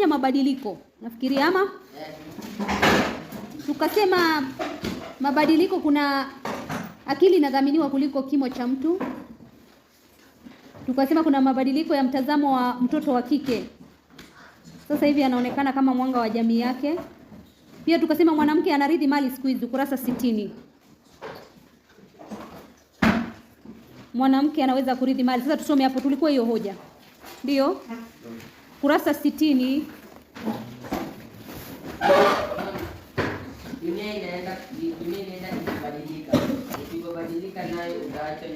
kufanya mabadiliko nafikiria, ama tukasema mabadiliko, kuna akili inadhaminiwa kuliko kimo cha mtu. Tukasema kuna mabadiliko ya mtazamo wa mtoto wa kike, sasa hivi anaonekana kama mwanga wa jamii yake. Pia tukasema mwanamke anarithi mali siku hizi, ukurasa sitini. Mwanamke anaweza kurithi mali. Sasa tusome hapo, tulikuwa hiyo hoja, ndio kurasa sitini. Dunia inaenda kubadilika, ikibadilika nayo utaacha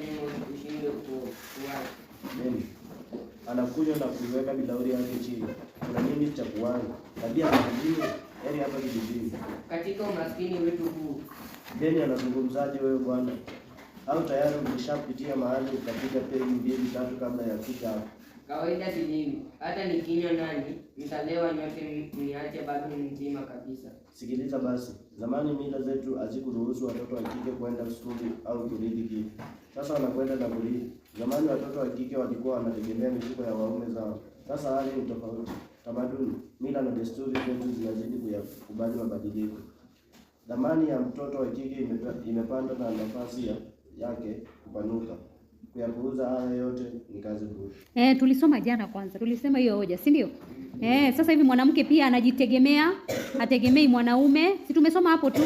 na kuiweka bilauri yake chini, kuna nini cha kuanza Tabia mjini, yani hapa kijijini, katika umaskini wetu huu. Deni anazungumzaje wewe bwana? Au tayari umeshapitia mahali ukapiga pei mbili tatu kabla ya hapa? Kawaida nini, hata nikinywa nani, mtalewa nyote mniache bado mzima kabisa. Sikiliza basi, zamani mila zetu hazikuruhusu watoto wa kike kwenda skuli au kurithi kitu. Sasa wanakwenda na kurithi. Zamani watoto wa kike walikuwa wanategemea mifuko ya waume zao. Sasa hali ni tofauti. Tamaduni, mila na desturi zetu zinazidi kuyakubali mabadiliko. Dhamani ya mtoto wa kike imepanda na nafasi yake kupanuka kuyapuuza haya yote ni kazi bure. Eh, tulisoma jana kwanza, tulisema hiyo hoja, si ndio? Eh, sasa hivi mwanamke pia anajitegemea, hategemei mwanaume. Si tumesoma hapo tu.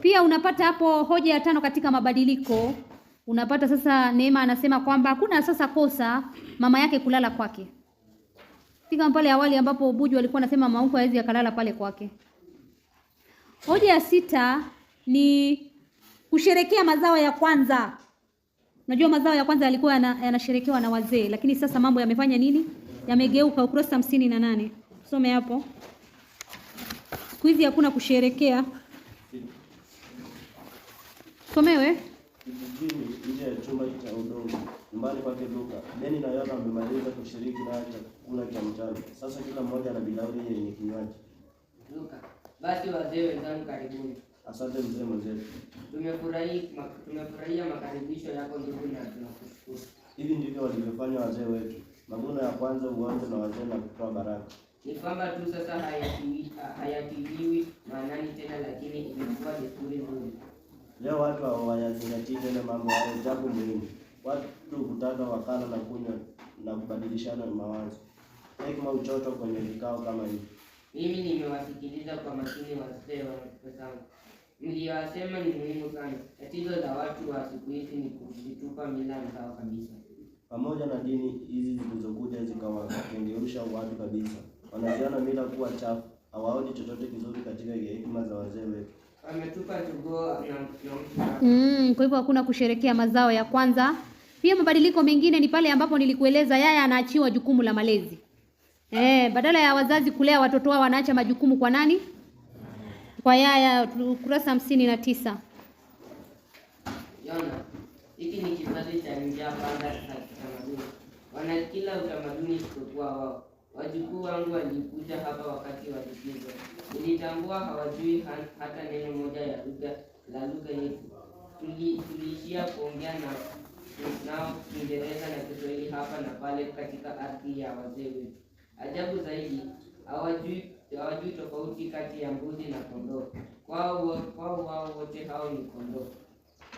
Pia unapata hapo hoja ya tano katika mabadiliko. Unapata sasa Neema anasema kwamba hakuna sasa kosa mama yake kulala kwake. Fika pale awali ambapo Buju alikuwa anasema mama yake hawezi akalala pale kwake. Hoja ya sita ni kusherekea mazao ya kwanza. Unajua mazao ya kwanza yalikuwa yanasherekewa na wazee, lakini sasa mambo yamefanya nini? Yamegeuka. Ukurasa hamsini na nane usome hapo. Siku hizi hakuna kusherekea. Somewe kijijini nje ya chumba cha udongo nyumbani kwake Luka, Deni na Yona wamemaliza kushiriki nayo chakula cha mchana. Sasa kila mmoja ana bilauri yenye kinywaji. Luka: basi wazee wenzangu, karibuni Asante mzee mwenzetu. Tumefurahia makaribisho yako ndugu na tunakushukuru. Hivi ndivyo walivyofanya wazee wetu. Mavuno ya kwanza uanze na wazee na kutoa baraka. Ni kwamba tu sasa hayatiliwi maanani tena, lakini imekuwa desturi nzuri. Leo watu hawayazingatii tena mambo hayo, jambo muhimu. Watu hutaka wakala na kunywa na kubadilishana mawazo. Hekima uchoto kwenye vikao kama hivi. Mimi nimewasikiliza kwa makini wazee wa wenzangu. Mliyowasema ni muhimu sana. Tatizo la watu wa siku hizi ni kuzitupa mila zao kabisa, pamoja na dini hizi zilizokuja zikawakengeusha watu kabisa. Wanaziona mila kuwa chafu, hawaoni chochote kizuri katika hekima za wazee wetu. Wametupa jogoo mm. Kwa hivyo hakuna kusherekea mazao ya kwanza. Pia mabadiliko mengine ni pale ambapo nilikueleza, yaya anaachiwa jukumu la malezi. Eh, badala ya wazazi kulea watoto wao wanaacha majukumu kwa nani? Kwa yaya, ukurasa hamsini na tisa. Yona, hiki ni kizazi cha njia banda za kitamaduni, wanakila utamaduni isipokuwa wao. Wajukuu wangu walikuja hapa wakati wa likizo, nilitambua hawajui hata neno moja ya lugha la lugha yetu. Tuliishia kuongea na nao Kiingereza na Kiswahili hapa na pale katika ardhi ya wazee wetu. Ajabu zaidi, hawajui hawajui tofauti kati ya mbuzi na kondoo. Kwao kwao wao wote hao ni kondoo.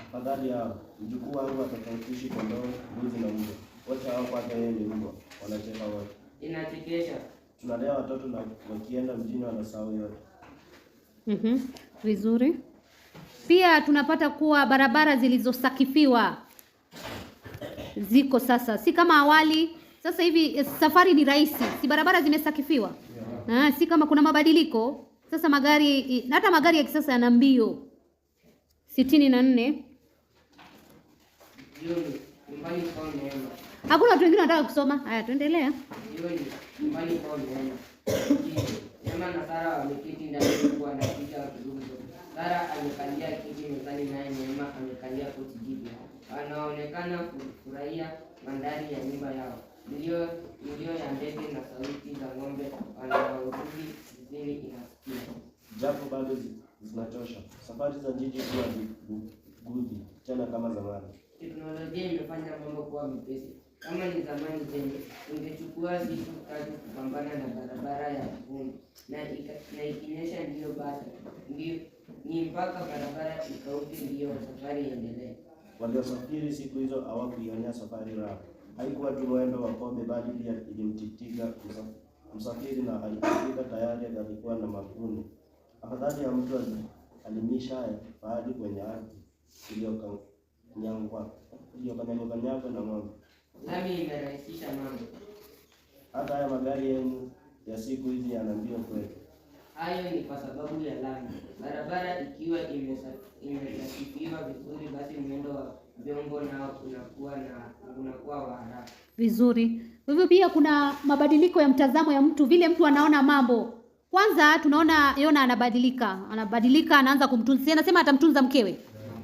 Afadhali yao mjukuu wangu atofautishi kondoo, mbuzi na mbwa. Wote hao kwake yeye ni mbwa, wanacheka wote. Inachekesha. Tunalea watoto na wakienda mjini wanasahau yote. Mhm, vizuri. Pia tunapata kuwa barabara zilizosakifiwa ziko sasa, si kama awali. Sasa hivi eh, safari ni rahisi, si barabara zimesakifiwa yeah. Ah, si kama kuna mabadiliko sasa, magari eh, hata magari ya kisasa yana mbio sitini na nne. Hakuna watu wengine wanataka kusoma. Haya, tuendelea. Sara amekalia kiti mezani, naye Neema amekalia koti jipya. Wanaonekana kufurahia mandhari ya nyumba yao milio ya ndege na sauti za ng'ombe wanaorudi jijini inasikika, japo bado zinachosha. Safari za jiji kuwa vigugu tena kama zamani. Teknolojia imefanya mambo kuwa mepesi. Kama ni zamani zenye ingechukua siku tatu kupambana na barabara ya vumbi na ikinyesha ndiyo basi ndio ni mpaka barabara ikauke ndiyo safari iendelee. Waliosafiri siku hizo hawakuionya safari raha. Haikuwa tu mwendo wa pombe, bali pia ilimtitika msafiri, na alipofika tayari alikuwa na makuni Afadhali ya mtu alimisha fahali kwenye ardhi iliyokanyagwa na ng'ombe. Nami imerahisisha mambo. Hata haya magari yenu ya siku hizi yana mbio kweli. Hayo ni kwa sababu ya lami. Barabara ikiwa imesafiriwa vizuri, basi mwendo wa vyombo na unakuwa na unakuwa wa haraka vizuri. Hivyo pia kuna mabadiliko ya mtazamo ya mtu, vile mtu anaona mambo. Kwanza tunaona Yona anabadilika, anabadilika, anaanza kumtunza, anasema atamtunza mkewe,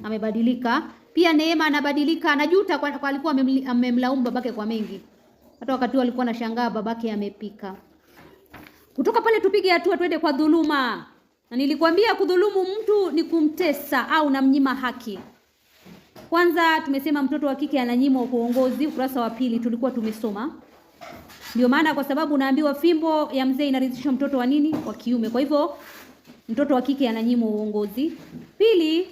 amebadilika. Pia Neema anabadilika, anajuta kwa, kwa alikuwa amemlaumu babake kwa mengi, hata wakati huo alikuwa anashangaa babake amepika. Kutoka pale tupige hatua, twende kwa dhuluma, na nilikwambia kudhulumu mtu ni kumtesa au namnyima haki. Kwanza tumesema mtoto wa kike ananyimwa uongozi, ukurasa wa pili tulikuwa tumesoma. Ndio maana kwa sababu unaambiwa fimbo ya mzee inaridhisha mtoto wa nini? Wa kiume. Kwa hivyo mtoto wa kike ananyimwa uongozi. Pili,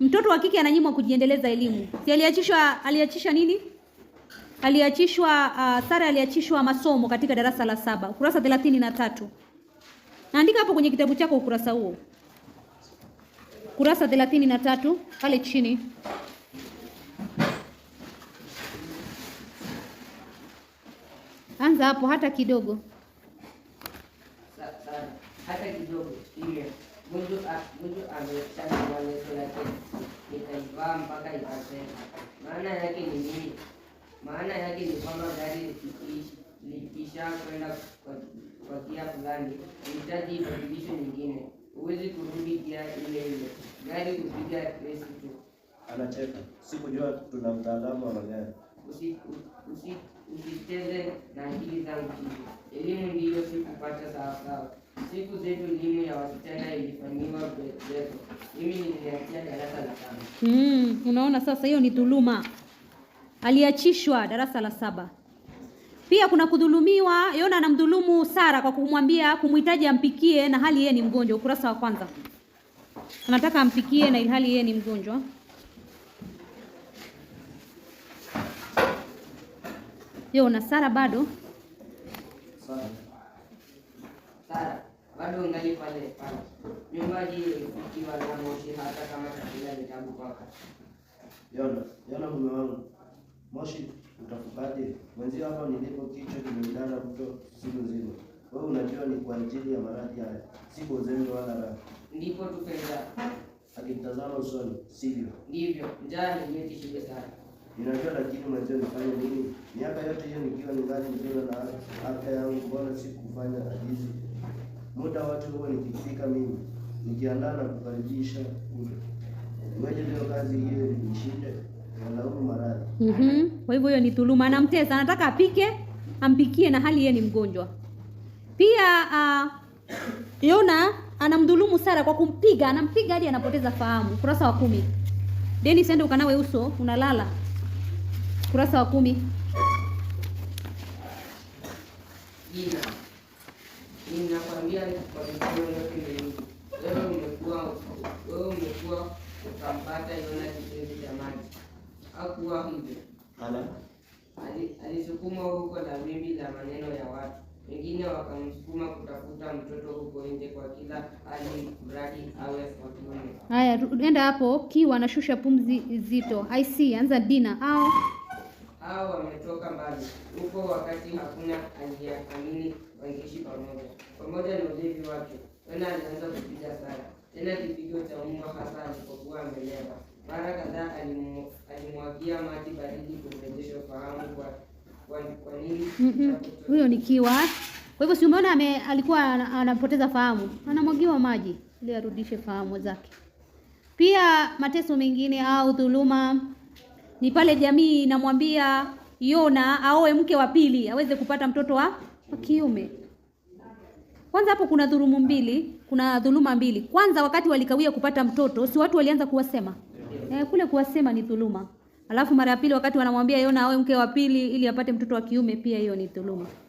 mtoto wa kike ananyimwa kujiendeleza elimu. Si aliachishwa aliachisha nini? Aliachishwa uh, Sara aliachishwa masomo katika darasa la saba. Ukurasa 33. Naandika hapo kwenye kitabu chako ukurasa huo kurasa thelathini na pale chini. Anza hapo hata kidogo, hata kidogo. Mungu amechana maelezo yake, nikaivaa mpaka ikasema. Maana yake ni nini? Maana yake ni kwamba gari likisha kwenda kwa kia fulani, hitaji badilisho nyingine huwezi kurudi gia ile ile, gari kupiga resi tu. Anacheka, sikujua tuna mtaalamu wa magari. Usicheze na akili za hizi, elimu ndiyo sikupata sawasawa. Siku zetu elimu ya wasichana ilifanyiwa bezo, mimi niliachia darasa la tano. Mm, unaona sasa, hiyo ni dhuluma. Aliachishwa darasa la saba. Pia kuna kudhulumiwa. Yona anamdhulumu Sara kwa kumwambia kumhitaji ampikie na hali yeye ni mgonjwa, ukurasa wa kwanza. Anataka ampikie na hali yeye ni mgonjwa. Yona Sara bado Sara bado pale pale. Nyumba hii ikiwa na moshi hata kama Yona, Yona Moshi utafukaje? Mwenzio hapa nilipo kichwa kimeidana mto siku nzima, wewe unajua ni kwa ajili ya maradhi haya, si kwa uzembe wala raha. Ndipo tukaenda akimtazama usoni, sivyo? Ndivyo, njaa imetishibe sana Ninajua, lakini mwenzio nifanye nini? Miaka yote hiyo nikiwa nyumbani mzima na afya yangu, mbona sikufanya ajizi? Muda watu huo nikifika mimi nikiandaa na kukaribisha kule, weje leo kazi hiyo nishinde? mm -hmm. Kwa hivyo hiyo ni dhuluma, anamtesa, anataka apike, ampikie na hali yeye ni mgonjwa pia. Uh, Yona anamdhulumu Sara kwa kumpiga, anampiga hadi anapoteza fahamu. kurasa wa kumi. Dennis, ende ukanawe uso, unalala. kurasa wa kumi. Ninakwambia kwa yote mradi Haya, enda hapo. Kiwa anashusha pumzi zito I see, anza Dina au au wametoka mbali huko, wakati hakuna aliyeamini wangishi pamoja. Pamoja na ulevi wake, Wena alianza kupiga sana, tena kipigo cha mbwa, hasa alipokuwa amelewa. Mara kadhaa alimwagia maji baridi kumrejesha ufahamu kwa kwa nini. Huyo ni Kiwa. Kwa hivyo si umeona ame, alikuwa anapoteza fahamu, anamwagiwa maji ili arudishe fahamu zake. Pia mateso mengine au dhuluma ni pale jamii inamwambia Yona aoe mke wa pili aweze kupata mtoto wa kiume. Kwanza hapo kuna dhulumu mbili, kuna dhuluma mbili. Kwanza wakati walikawia kupata mtoto, si watu walianza kuwasema? E, kule kuwasema ni dhuluma. Alafu mara ya pili wakati wanamwambia Yona aoe mke wa pili ili apate mtoto wa kiume, pia hiyo ni dhuluma.